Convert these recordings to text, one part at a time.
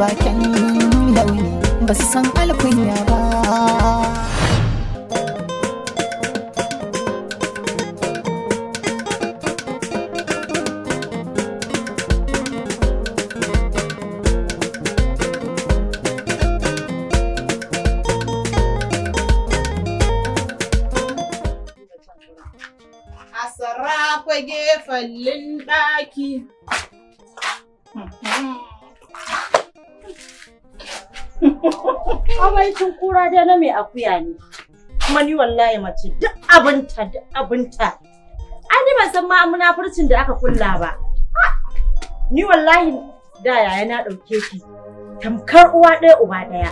bakin launi ba su san alkunya ba Yawancin kura dai na mai akuya ne. Kuma ni wallahi mace duk abinta duk abinta. Ai ni ban san ma munafurcin da aka kulla ba. Ni wallahi da yaya na ɗauke ki tamkar uwa ɗaya uba ɗaya.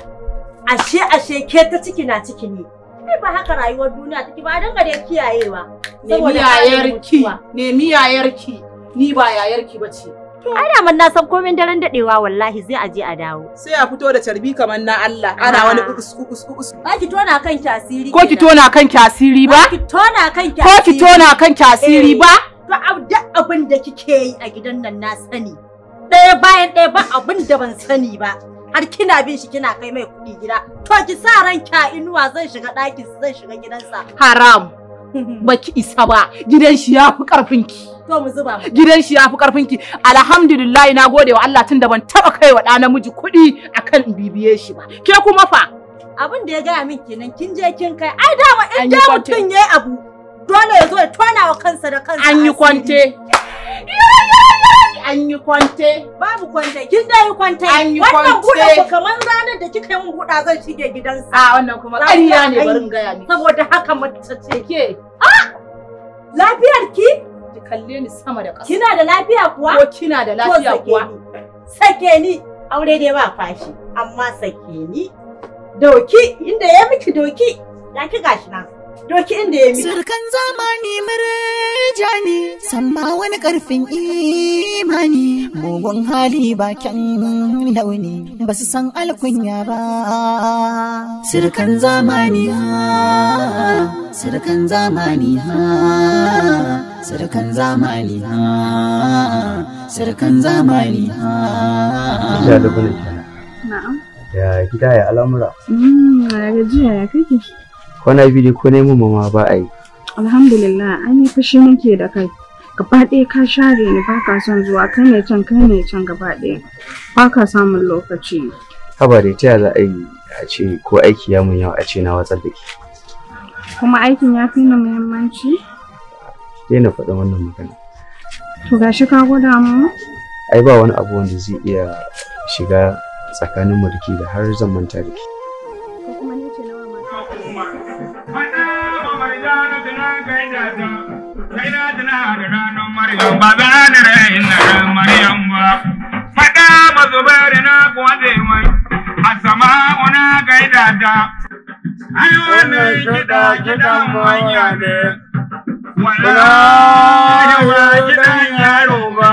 Ashe ashe ke ta ciki na ciki ne. Ai ba haka rayuwar duniya take ba dan gare kiyayewa. Nemi yayarki, nemi yayarki, ni ba yayarki bace. Ana da na san komai daren dadewa wallahi zai aje a dawo. Sai a fito da carbi kamar na Allah ana wani kukus ah. kukus kukus. Ba ki tona kan asiri. Ko ki tona kan asiri ba? Ko ki tona kan asiri. Ko ki tona kan asiri ba? Ba eh, abda abin da kike yi a gidan nan na sani. Ɗaya bayan ɗaya ba abin da ban sani ba. Har kina bin shi kina kai mai kuɗi gida. To ki sa ran kya inuwa zan shiga ɗakin zan shiga gidansa. Haram. Ba ki isa ba gidan shi ya fi ƙarfinki. ki. To mu zuba. Gidan shi ya fi karfin ki. Alhamdulillah na gode wa Allah tunda ban taba kai wa ɗa namiji kuɗi akan in bibiye shi ba. Ke kuma fa? Abin da ya gaya min kenan kin je kin kai. Ai dama in dai mutum yayi abu dole ya zo ya tona wa kansa da kansa. An yi kwante. An yi kwante. Babu kwante. Kin da yi kwante. An yi kwante. Wannan buɗe ku kamar ranar da kika yi min buɗa zan shige gidansa. A wannan kuma ƙarya ne barin gaya ni. Saboda haka mace ce. Ke. Ah! Lafiyar ki? Ki kalle ni sama da ƙasa. Kina da lafiya kuwa? Ko kina da lafiya kuwa? Sake ni. Aure dai ba fashi, amma sake ni. Doki inda ya miki doki, ya ki gashi nan. dokin da ya mi. Surkan zamani murjani, ne, samma wani karfin imani, mugun hali bakin launi, ba su san alkunya ba. Surkan zamani ha, surkan zamani ha, surkan zamani ha, surkan zamani ha. Ya da Na'am. Ya gida ya al'amura. Mmm, ya gajiya ya kake. kwana biyu ne, ko neman mama ba a yi alhamdulillah an yi fushi muke da kai gaba ɗaya ka share ni ba ka son zuwa kai ne can kai ne can gaba ɗaya ba ka samun lokaci haba da ta za a yi a ce ko aiki ya mun yau a ce na watsar da ke kuma aikin ya fi na muhimmanci daina faɗi wannan magana to ga shi ka gwada mu ai ba wani abu wanda zai iya shiga tsakanin da da har zan manta da ke ko kuma ni ce nawa mata mata ba mai zana tana kai da ta kai na tana da ranar maryam ba za da rayin na ran maryam ba fada ba zubar na kuwa zai mai a sama una kai da ta ai wannan kiɗa kiɗan manya ne wallahi wa kiɗan yaro ba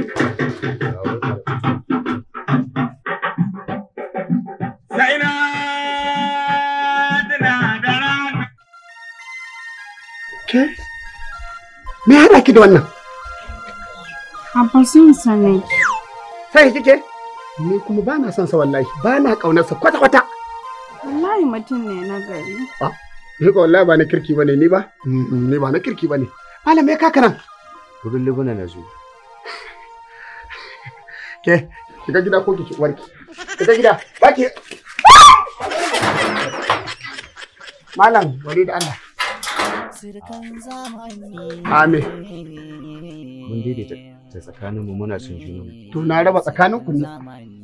me haɗa ki da wannan abba sun sane sai kike ni kuma ba na son sa wallahi ba na ƙaunarsa kwata-kwata wallahi mutum ne na gari ah, ni ko wallahi ba na kirki bane ni ba ni ba na kirki bane malam me kaka nan gurin libuna na zo ke shiga gida ko ki warki shiga gida baki malam wari da Allah Amin. Mun daidaita ta tsakanin mu muna son juna. To na raba tsakanin ku ne.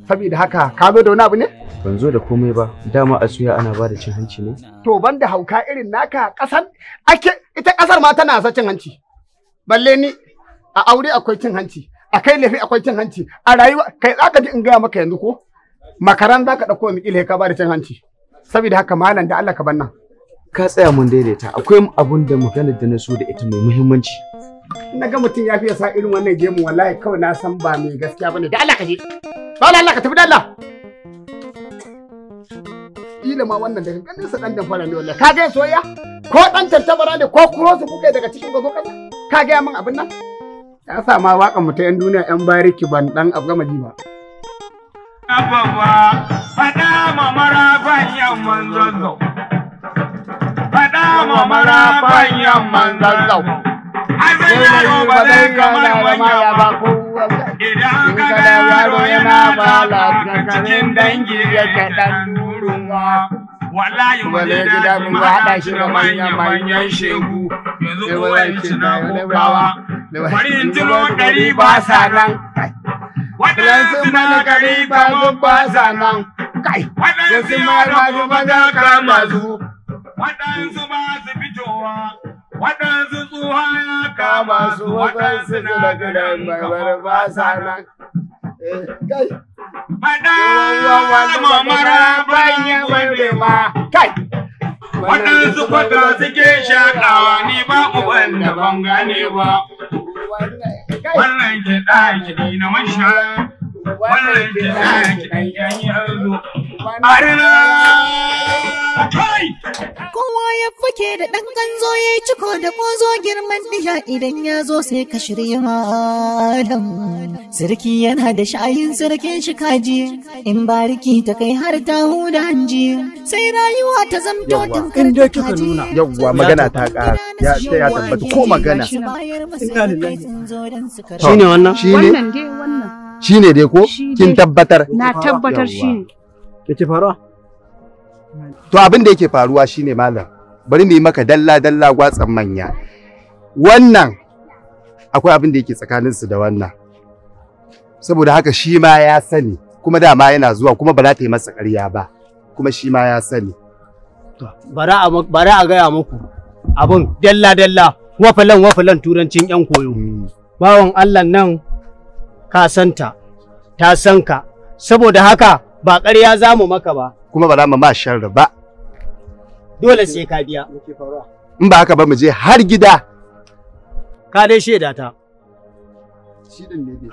Saboda haka ka zo da wani abu ne? Ban zo da komai ba. Dama a suya ana ba da cin hanci ne. To ban da hauka irin naka kasar ake ita kasar ma tana sa cin hanci. Balle ni a aure akwai cin hanci. A kai lafi akwai cin hanci. A rayuwa kai zaka ji in gaya maka yanzu ko? Makaran zaka dauko mu ile ka ba da cin hanci. Saboda haka malam da Allah ka ban nan. ka tsaya mun daidaita akwai abun da magana da na so da ita mai muhimmanci na ga mutum ya fiye sa irin wannan gemu wallahi kawai na san ba mai gaskiya bane da Allah ka je ba Allah ka tafi da Allah ila ma wannan da ganin sa dan dan fara ne wallahi ka ga soyayya ko dan tantabara ne ko kuro su kuka daga cikin gozo kaza ka ga min abin nan ya sa ma wakan mu ta yan duniya yan bariki ban dan abgama ji ba Abawa, faɗa ma marafan yan manzon kama marafan yamman zazzau. Azan yaro kamar manya ba. Idan ka ga yaro yana bala cikin dangi ya kaɗan duruwa. Wallahi wani da mun haɗa shi da manya-manyan shegu yanzu kowanci na kokawa. Farin tilo ɗari ba sa nan. Waɗansu na gari ba ba sa nan. Waɗansu ma ba ba za ka waɗansu ba su fitowa waɗansu tsuha ya kama su waɗansu na gidan barbar ba sa nan eh, faɗa mamara bayan wanda ma kai waɗansu kwata suke shaƙawa ni ba uban da ban gane ba wannan kiɗa kiɗi na masha wannan kiɗa kiɗi yanzu arina Kowa ya fake da ɗan ganzo ya yi ciko da ƙozo girman diya idan ya zo sai ka shirya malam. Sarki yana da sha'ayin sarkin shi kaji, in bariki ta kai har ta huda hanji, sai rayuwa ta zamto tamkar da kaji. Yawwa magana ta ƙara, ya sai ya tabbata ko magana. Shi ne wannan? Shi ne? Wannan dai wannan. Shi ne dai ko? Kin tabbatar? Na tabbatar shi ne. Ke faruwa? to abin da yake faruwa shine malam bari mu yi maka dalla dalla gwatsan manya wannan akwai abin da yake tsakaninsu da wannan saboda haka shi ma ya sani kuma dama yana zuwa kuma ba za ta yi masa ƙarya ba kuma shi ma ya sani bari a gaya muku abin dalla dalla wafalan wafalan turancin yan koyo hmm. bawan allah nan ka santa ta san ka saboda haka ba ƙarya zamu maka ba kuma ba za mu ma sharri ba dole sai ka biya in ba haka ba mu je har gida ka dai shaida ta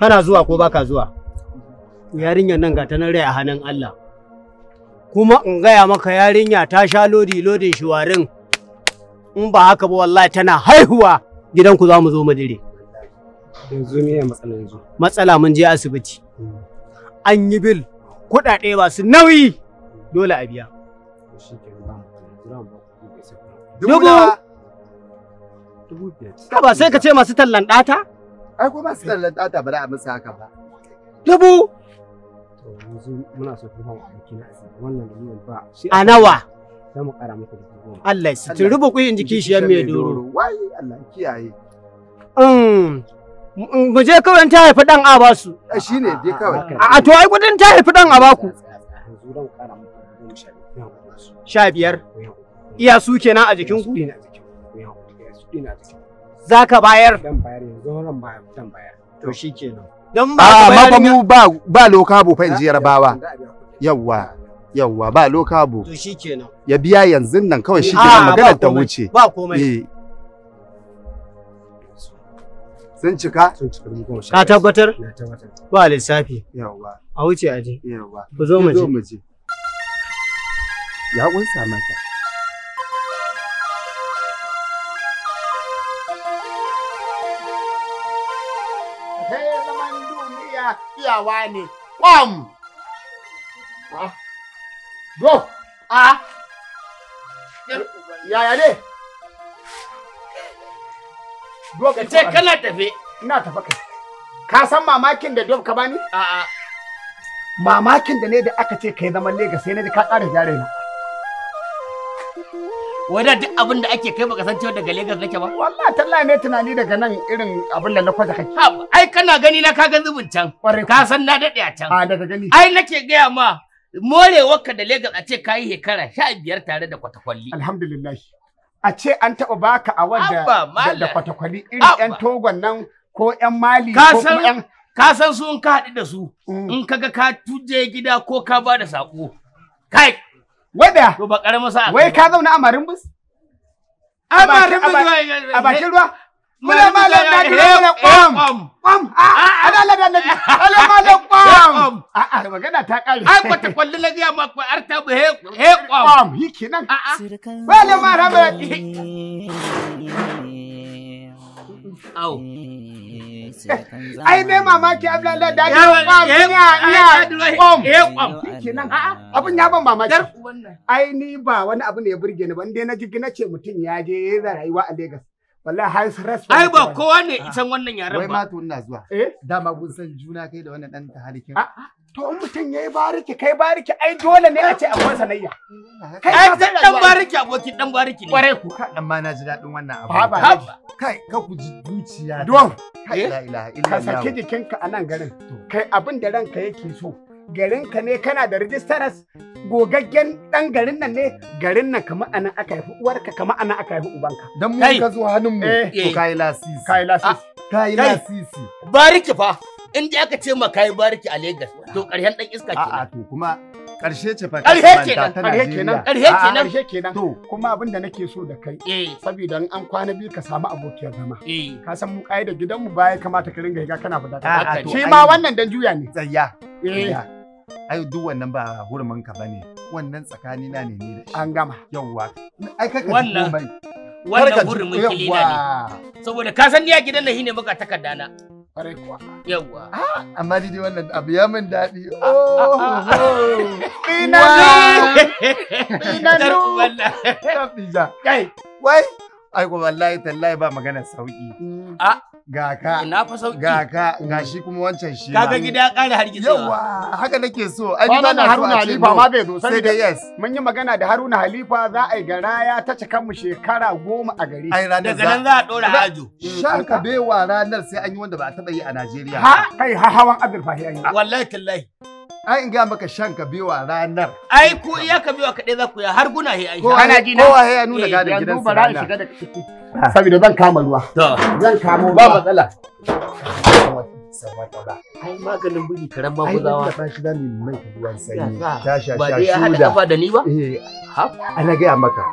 kana zuwa ko baka zuwa yarinyar nan ga ta nan rai a hannun Allah kuma in gaya maka yarinya ta sha lodi lodin shiwarin in ba haka ba wallahi tana haihuwa gidanku za mu zo madire yanzu me matsala yanzu matsala mun je asibiti an yi bil kuɗaɗe ba su nauyi dole a biya Dubu! Dubu ba sai ka ce masu tallan ɗata? Ai masu tallan ɗata ba za a musu haka ba. Dubu! Yanzu muna so kuma aiki na wannan miliyan ba. A nawa? Za mu ƙara muku dubu goma. Allah ya sitir rubu kuyin mai doro. Wai Allah kiyaye. Mm, mm, mu je kawai ta haifi dan a basu. kawai. A to ai gudun ta haifi dan a baku. Yanzu zan sha biyar iya su kenan a jikin ku za ka bayar to shi kenan ba ah, ba mu ba loka bu fa in ji yawwa yawwa ba bu to shi kenan ya biya yanzu nan kawai shi kenan ah, maganar ta wuce ba komai eh. sun cika ka tabbatar ba lissafi yawwa a wuce aje yawwa ku zo mu je ya ƙunsa mata. zaman duniya iyawa ne, ƙwam! Do! Ah, A! Ah! Yaya ne? Do ka ce kana tafe. Ina tafe kai. Ka san mamakin da Dob ka bani? A'a. Mamakin da ne da aka ce kai zaman Legas sai ji ka ƙara jare ni. wadda duk abin da ake kai baka san cewa daga Lagos nake ba wallahi tallahi ne tunani daga nan irin abin da na kwaje kai ai kana gani na ka ga zubin can ka san na dade a can a daga gani ai nake gaya ma morewarka da Lagos a ce kayi shekara sha biyar tare da kwatakwalli alhamdulillah a ce an taɓa baka a wadda da kwatakwalli irin ƴan togon nan ko ƴan mali ko yan ka san su in ka haɗu da su mm. in ga ka tuje gida ko ka ba da saƙo kai Wada. To ba karamin sa'a. Wai ka zauna a Bus? A marimbus a bakin ruwa. Mula malam na dole mula kwam. Kwam. A da da da. Mula malam kwam. A ah, a ah, magana ah. ta kare. Ai ko ta kwalli na biya ma ko arta bu he he kwam. Kwam yi kenan. A a. Malam marhaba. Au. ai ne mamaki ablan da daji kwam ya ya kwam eh kwam kenan a'a abin ya ban mamaki ai ni ba wani abu ne ya burge ni ba inda na ji nace, mutum ya je ya rayuwa a Lagos wallahi highest respect ai ba kowa ne isan ah. wannan yaren ba wai ma to ina zuwa eh dama kun san juna kai da wannan dan ta halikin ah, ah. to in mutum yayi bariki kai bariki ai dole ne a ce akwai sanayya kai ai dan bariki aboki dan bariki ne kware ku ka dan ma na ji dadin wannan abu haba kai ka ku ji zuciya don la eh? ilaha illa ka saki jikinka a nan garin kai abin da ranka yake so garin ka ne kana da rijistaras gogaggen dan garin nan ne garin nan kama anan aka haifi uwarka kama anan aka haifi ubanka dan mu eh. ka zuwa hannun mu to kai lasisi kai lasisi ah, kai lasisi bariki fa in dai aka ce ma kai bariki a Lagos ah. to karshen dan iska kenan a'a to kuma karshe ce fa karshe kenan karshe kenan karshe kenan karshe kenan to kuma abin da nake so da kai eh. saboda an kwana biyu ka samu abokiyar zama eh. ka san mu kai da gidanmu baya kamata ka ringa higa kana fada ta shi ma wannan dan juya ne tsayya eh ai duk wannan ba hurumin ka bane wannan tsakani na ne ni an gama yawwa ai kaka wannan wannan hurumin kilina ne saboda ka san ni gidan nahi ne muka takarda na kwarai kuwa yawwa ah, amma dai wannan abu ya min daɗi ah, oh pinanu ah, oh, oh. pinanu kai wai ai ko wallahi tallahi ba magana sauki mm. a ga ka ina fa sauki ga ka ga shi kuma wancan shi kaga gida ya kare har gitsa yawa haka nake so ai ba na Haruna Halifa ma bai zo sai da yes mun yi magana da Haruna Halifa za a yi garaya ta cikan mu shekara goma a gari ai ranar daga nan za a dora hajo shaka bewa ranar sai an yi wanda ba a taba yi a Najeriya ha kai hawan Abdul Fahim wallahi tallahi ai in ga maka shan kabewa ranar ai ku iya kabewa kaɗai za ku ya har guna he ai ana ji kowa he ya nuna eh, gadon gidan sa ran shiga da ciki ah. saboda zan kama ruwa zan kama ruwa ba matsala ai maganin bugi karan maguzawa ai da shiga ne mai ruwan sanyi sha sha shuda. ba dai ya hada kafa da ni ba eh ana ga maka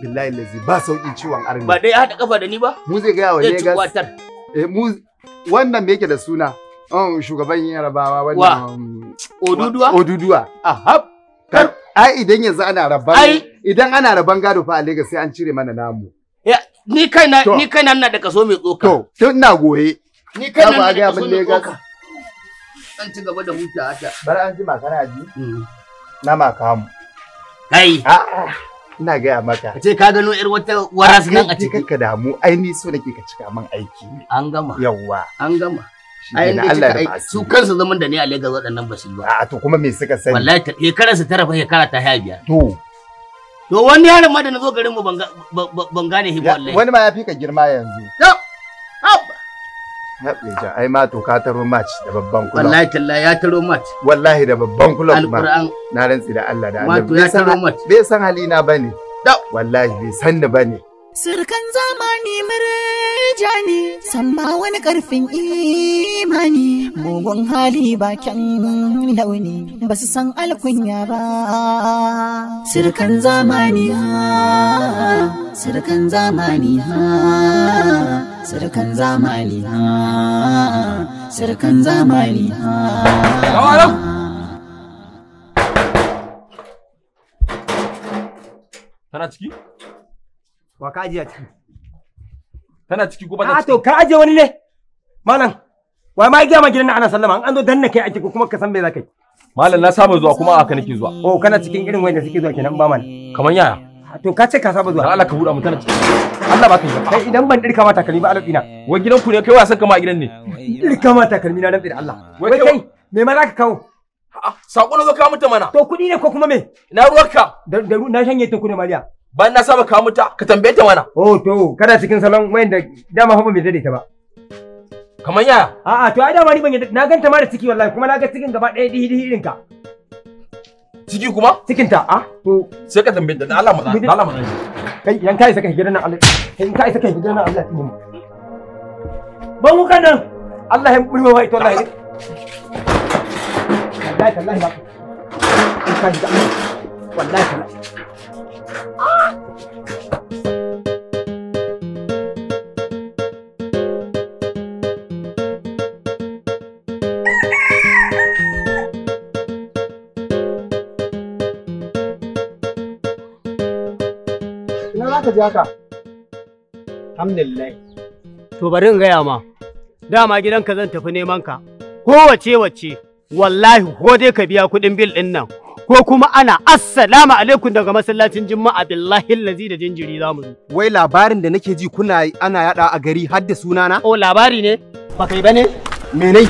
billahi lazi ba sauki ciwon arni ba dai ya hada kafa da ni ba mu zai ga wa eh, Lagos eh mu wannan me yake da suna um, shugaban yarabawa wannan um, oduduwa oduduwa ahab ai idan yanzu ana raban idan ana raban gado fa a Lagos sai an cire mana namu ni kaina ni na ina da kaso mai tsoka to tun ina goye ni kaina na da kaso mai tsoka an ci gaba da hutawa ta bar an ji makana mm. ji na makamu kai a'a ah, ah, ina gaya maka. Ce ka gano ‘yar wata waras nan a ciki. Ka damu, ai ni so nake ka cika min aiki. An gama. Yawwa. An gama. ai na Allah ya su kansu zaman da ne a Lagos waɗannan ba su yi ba Aa to kuma me suka sani wallahi ta shekarar su tara fa shekara ta haya biyar to to wani yaron ma da nazo garin mu ban gane shi wallahi wani ma ya fi ka girma yanzu to Haɗeja, ai ma to ka taro match da babban kulob. Wallahi talla ya taro match. Wallahi da babban kulob ma. Na rantsi da Allah da Allah. Ma to ya taro match. Bai san halina bane. Wallahi bai san ni ne. Surkan zamani murja ne, samma wani ƙarfin imani, mugun hali bakin launi, ba su san alkunya ba. Surkan zamani ha, surkan zamani ha, surkan zamani ha, surkan zamani ha. Kana ciki? Wa ka ajiye a ciki? Tana ciki ko ba ta ah, ciki? to ka ajiye wani ne? Malam, wa ma gaya ma gidan nan ana sallama an zo danna kai ciki kuma ka san me za ka yi. Malam na saba zuwa kuma aka nake zuwa. Oh kana cikin irin wanda suke zuwa kenan ba man. Kaman yaya? Ah, to ka ce ka saba zuwa. Allah ka huda mu tana ciki. Allah ba ka yi. Kai idan ban dirka mata kalmi ba alaɗina. wa gidan ku ne kai wa ka ma gidan ne. Dirka mata kalmi na dan da Allah. Wai kai me ma za ka kawo? Sako na zo kawo mutum mana. To kuɗi ne ko kuma me? Na ruwarka. Na shanye ta kuɗi Mariya. bayan na saba kawo mata ka tambaye ta mana. Oh to kada cikin salon wayanda dama fa bai daidaita ba. Kamar yaya? A'a to ai dama ni ban yadda na ganta mara ciki wallahi kuma na ga cikin gaba ɗaya dihi dihi irin ka. Ciki kuma? Cikin ta a to sai ka tambaye ta Allah maza Allah maza. Kai yan kai saka gidan nan Allah kai yan kai saka gidan nan Allah mu. Ban wuka nan Allah ya burma wa ita wallahi. Wallahi wallahi ba. Wallahi wallahi. ka Alhamdulillah. To bari in gaya ma, dama gidanka zan tafi neman ka, kowace wace wallahi ko dai ka biya kuɗin bil ɗin nan, ko kuma ana assalamu alaikum daga masallacin juma'a billahi lazi da jinjiri za mu zo. Wai labarin da nake ji kuna ana yada a gari har da sunana? Oh labari ne? Ba kai bane? Me ne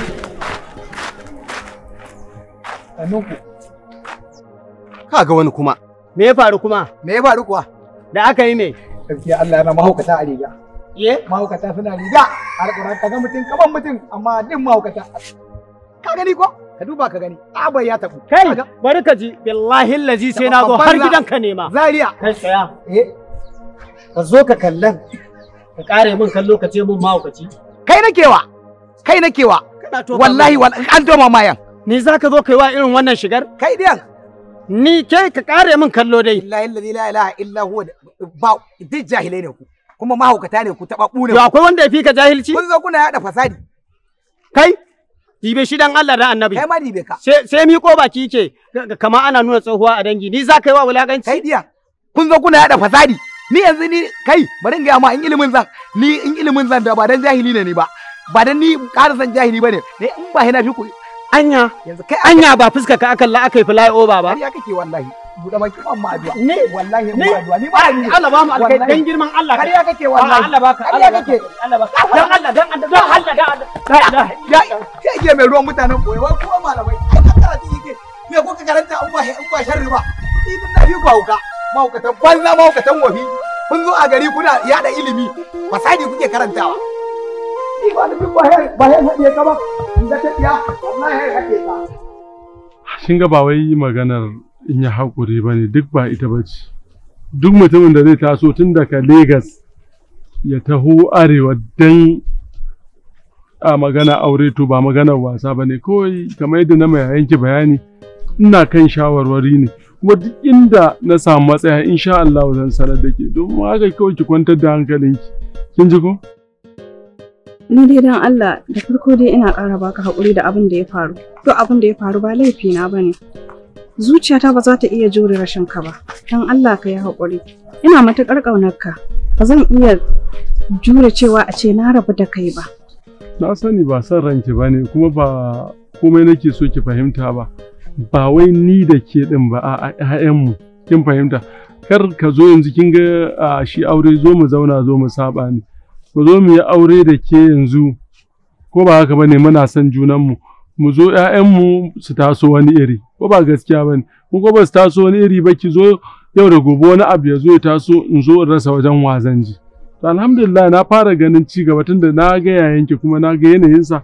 Ka ga wani kuma. Me ya faru kuma? Me ya faru kuwa? Da aka yi me? Gaskiya Allah yana mahaukata a riga. Ye? Mahaukata suna riga. ka kaga mutum kaman mutum amma din mahaukata. Ka gani ko? ka duba ka gani abai ya tabu kai bari ka ji billahi lazi sai na zo har gidanka nema zaria kai tsaya eh ka zo ka kallan ka kare min kallo ka ce min mahaukaci kai nake wa kai nake wa wallahi an doma mayan ni za ka zo kai wa irin wannan shigar kai diyan ni kai ka kare min kallo dai billahi lazi la ilaha illa huwa ba duk jahilai ne ku kuma mahaukata ne ku taba ne akwai wanda ya fi ka jahilci kun zo kuna yada fasadi kai Dibe shi dan Allah da annabi. Kai ma dibe ka. Sai ko baki ke kamar ana nuna tsohuwa a dangi. Ni za ka wa wulaganci Kai diya. Kun zo kuna yada fasadi. Ni yanzu ni kai bari in ga ma in ilimin zan ni in ilimin zan da ba dan jahili ne ni ba. Ba dan ni ƙara san jahili bane ne. in ba hina fi ku. Anya. Yanzu kai anya ba fuska ka akalla aka fly over ba. ya kake wallahi. buɗe baki ba mu addu'a ne wallahi mu addu'a ni ba ni Allah ba mu alkai dan girman Allah kariya kake wallahi Allah baka kariya kake Allah baka dan Allah dan Allah dan Allah dan Allah ya ke mai ruwan mutanen koyi wai kuma malamai ai ka karatu yake me ko ka karanta an ba an ba sharri ba ni din nafi ba hauka mahaukatan banza ta wafi kun zo a gari kuna yada ilimi fasadi kuke karantawa ni ba da ba hai ba hai hade ka ba in da ta iya wallahi hade ka shin ga ba wai maganar in yi haƙuri ba ne duk ba ita ba ce duk mutumin da zai taso tun daga Legas ya taho arewa don a magana aure to ba maganar wasa ba ne kawai kamar yadda na mai yanki bayani ina kan shawarwari ne kuma duk inda na samu matsaya insha Allah zan sanar da ke don haka kawai ki kwantar da hankalinki kin ji ko ni dai don Allah da farko dai ina ƙara baka haƙuri da abin da ya faru to abin da ya faru ba laifi na bane zuciyata ba za ta iya jure rashin ka ba don Allah ka yi haƙuri ina matuƙar ƙaunar ka ba zan iya jure cewa a ce na rabu da kai ba na sani ba son ranki ba ne kuma ba komai nake so ki fahimta ba ba wai ni da ke din ba a ƴaƴanmu kin fahimta kar ka zo yanzu kin ga shi aure zo mu zauna zo mu saba ne Ba zo mu yi aure da ke yanzu ko ba haka bane muna son junanmu mu mu zo ‘ya'yanmu su taso wani iri ko ba gaskiya ba ne ko ba su taso wani iri ba ki zo yau da gobe wani abu ya zo ya taso in zo in rasa wajen wazan ji to alhamdulillah na fara ganin ci gaba tunda na ga yayanki kuma na ga yanayinsa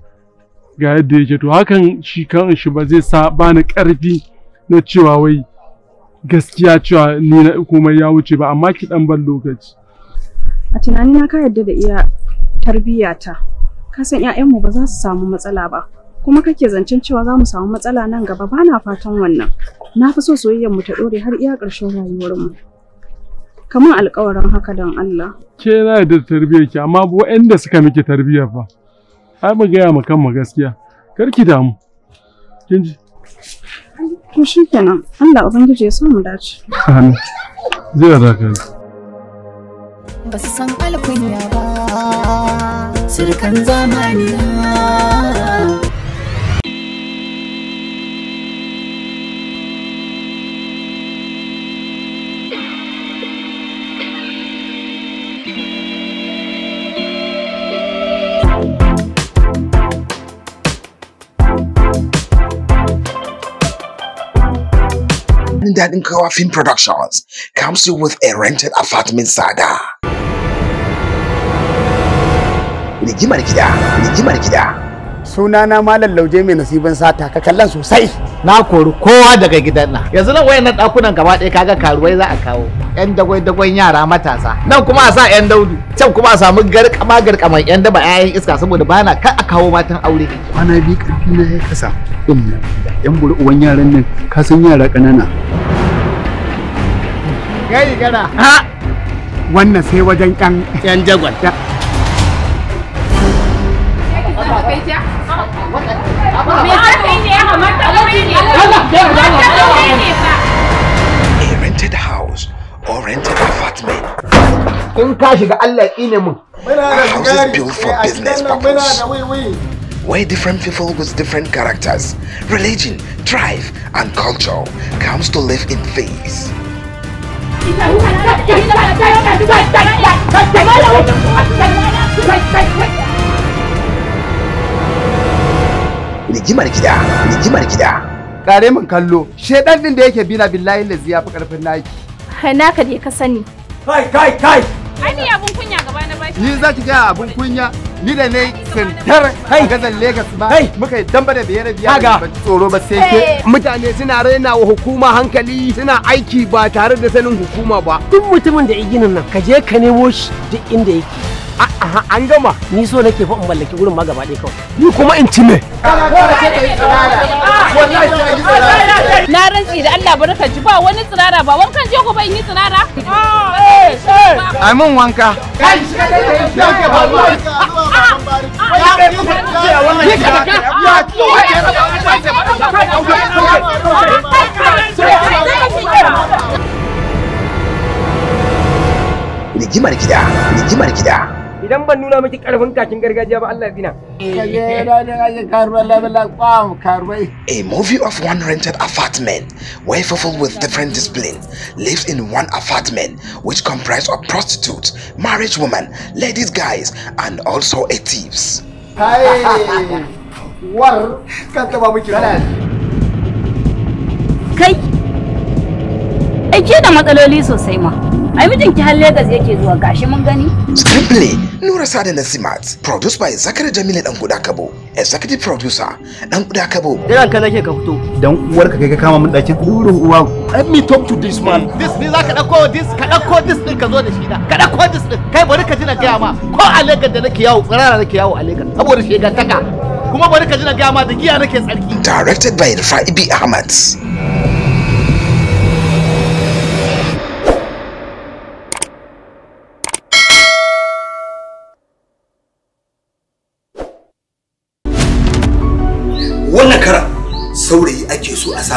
ga yadda yake to hakan shi kan shi ba zai sa bani karfi na cewa wai gaskiya cewa ni na komai ya wuce ba amma ki dan ban lokaci a tunanin ka yadda da iya tarbiyyata kasan san 'ya'yanmu ba za su samu matsala ba kuma kake zancen cewa za mu samu matsala nan gaba ba na fatan wannan na fi so soyayyar mu ta dore har iya ƙarshen rayuwar mu kamar alƙawarin haka don Allah ke na da tarbiyyar ki amma waɗanda suka miki tarbiyyar fa ai mu gaya ma kanmu gaskiya kar ki damu kin ji to shikenan Allah ubangiji ya sa mu dace amin zai da kai ba su san alkunya ba sirkan zamani daɗin kawa film productions comes you with a rented apartment sada rigimar gida rigimar gida sunana malam lauje mai nasibin sata ka kallon sosai na kori kowa daga gidan nan yanzu nan wayannan dakunan gaba ɗaya kaga karuwai za a kawo yan dagwai dagwai yara matasa nan kuma a sa yan daudu can kuma a samu garkama garkaman yan daba yayin iska saboda bana kar a kawo matan aure kwana bi karfi na ya kasa yan buru uwan yaran nan ka san yara ƙanana gai gara ha wannan sai wajen kan yan jagwal Yeah. A rented house or rented apartment. In kashi ga Houses built for business purposes. Where different people with different characters, religion, tribe, and culture comes to live in peace. rigimar gida rigimar gida kare min kallo shedan din da yake bina billahi la ya fi karfin naki naka ne ka sani kai kai kai ai ni abun kunya gaba na baki ni zaki ga abun kunya ni da ne sintar a gazan Legas ba muka yi damba da biyar biyar ba tsoro ba sai ke mutane suna raina wa hukuma hankali suna aiki ba tare da sanin hukuma ba duk mutumin da iginin nan ka je ka nemo shi duk inda yake Aha, an gama ni so nake fa in mallaki gurin ma gaba ɗaya kawai ni kuma in ci ne ah. ah, na rantsi da Allah baraka ji ba wani tsirara ba wankan je ku ban yi tsirara a ah, eh, eh. min wanka kai shi ka dai da yake ba idan ban nuna miki karfin kakin gargajiya ba Allah zina a movie of one rented apartment where people with different discipline lives in one apartment which comprised of prostitutes marriage women ladies guys and also a thieves Hai. War kan ka ba miki kana. Kai. Ai ke da matsaloli sosai ma. Ai mijinki har Lagos yake zuwa gashi mun gani. Script Nura Sada Nasimat produced by Zakari Jamilu Dan Guda Kabo executive producer Dan Guda Kabo. Iran ka ka fito dan uwarka kai ka kama mun dakin durin uwa. Let me talk to this man. This ni zaka dauko this ka dauko this din ka zo da shi da. Ka dauko this din kai bari ka ji a ma ko a Lagos da nake yawo tsirara nake yawo a Lagos saboda shegantaka kuma bari ka ji a ma da giya nake tsarki. Directed by Rufai B Ahmad.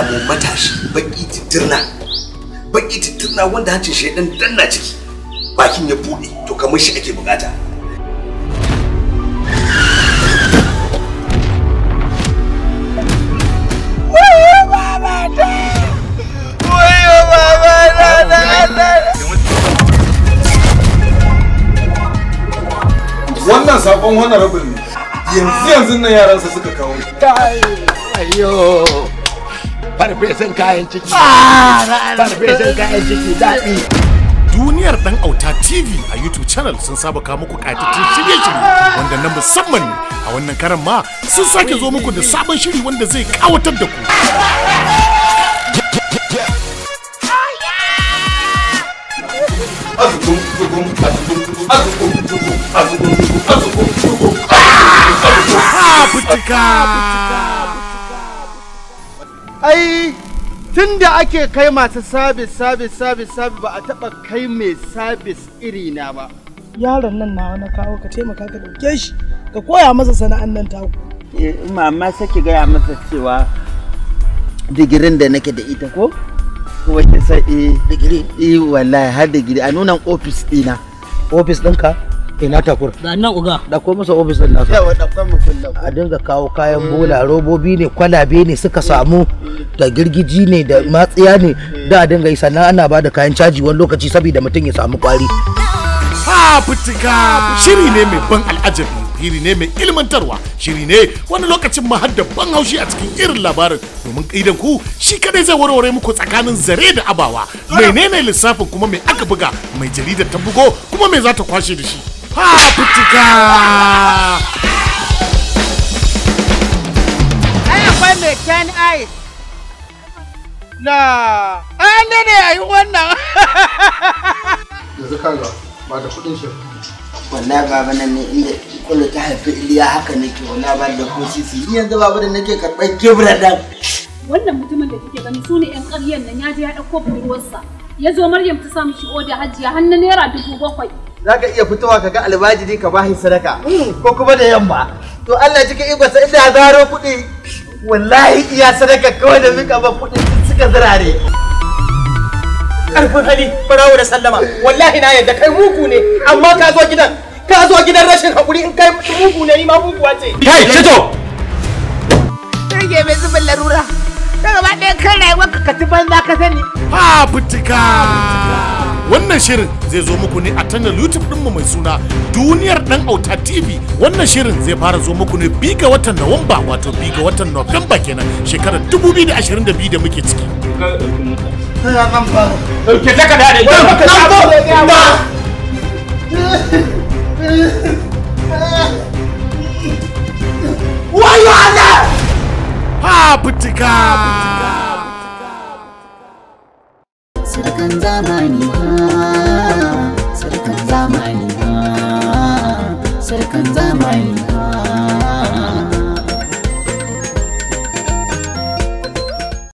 samu matashi baki titirna baki titirna wanda hancin shi dan danna ciki bakin ya bude to kamar shi ake bukata wannan sakon rabin ne yanzu yanzu nan yaransa suka kawo ayyo farfesan kayan ciki kayan ciki daɗi duniyar dan auta tv a youtube channel sun saba muku kayatattun shirye-shirye wanda na musamman ne a wannan karan ma sun sake zo muku da sabon shiri wanda zai kawatar da ku Ha, putika! ai tun da ake kai masu sabis sabis sabis sabis ba a taba kai mai sabis iri na ba yaron nan na wani kawo ka taimaka ka dauke shi ka koya masa sana'an nan taku mama eh, sai ki gaya masa cewa digirin da nake da ita ko kuma ki sai eh, digiri eh wallahi har digiri a nunan office dina office dinka. ina takur da nan uga dauko masa ofis din nasa yawa dauko mutum da a dinga kawo kayan bola robobi ne kwalabe ne suka samu da girgiji ne da matsiya ne da a dinga yi sannan ana ba da kayan caji wani lokaci saboda mutum ya samu kwari fitika shiri ne mai ban al'ajabi shiri ne mai ilmantarwa shiri ne wani lokacin ma har da ban haushi a cikin irin labarin domin kaidan ku shi kadai zai warware muku tsakanin zare da abawa menene lissafin kuma mai aka buga mai jaridar ta bugo kuma mai zata kwashe da shi fafutuka ai akwai mai kyan ai na an ne ne a yi wannan yanzu kaga ba da kuɗin shi wallahi baba nan ne inda kullu ta haifi iliya haka nake wala ba da ko sisi ni yanzu baba da nake karɓar kebra dan wannan mutumin da kike gani sune yan ƙaryan nan ya je ya ɗauko budurwarsa ya zo maryam ta samu mishi oda hajiya har na naira dubu bakwai za ka iya fitowa ka ga albajiri ka bashi sadaka mm. ko kuma da yamma to Allah cikin ikonsa inda zaro kuɗi wallahi iya sadaka kawai da muka ba kuɗi suka zirare karfin hali farawo da sallama wallahi na yadda kai muku ne amma ka zo gidan ka zo gidan rashin hakuri in kai muku ne ni ma muku wace. kai cito rage mai zubin larura daga ba ɗaya kan rayuwarka ka ci banza ka sani ha butika wannan shirin zai zo muku ne a tannan youtube ɗinmu mai suna duniyar dan auta tv wannan shirin zai fara zo muku ne bi ga watan nawamba wato bi ga watan november kenan shekarar 2022 da muke ciki Why takarda da there? Ha, putika! Ha, putika! sirkan zamani ha sirkan zamani ha sirkan zamani ha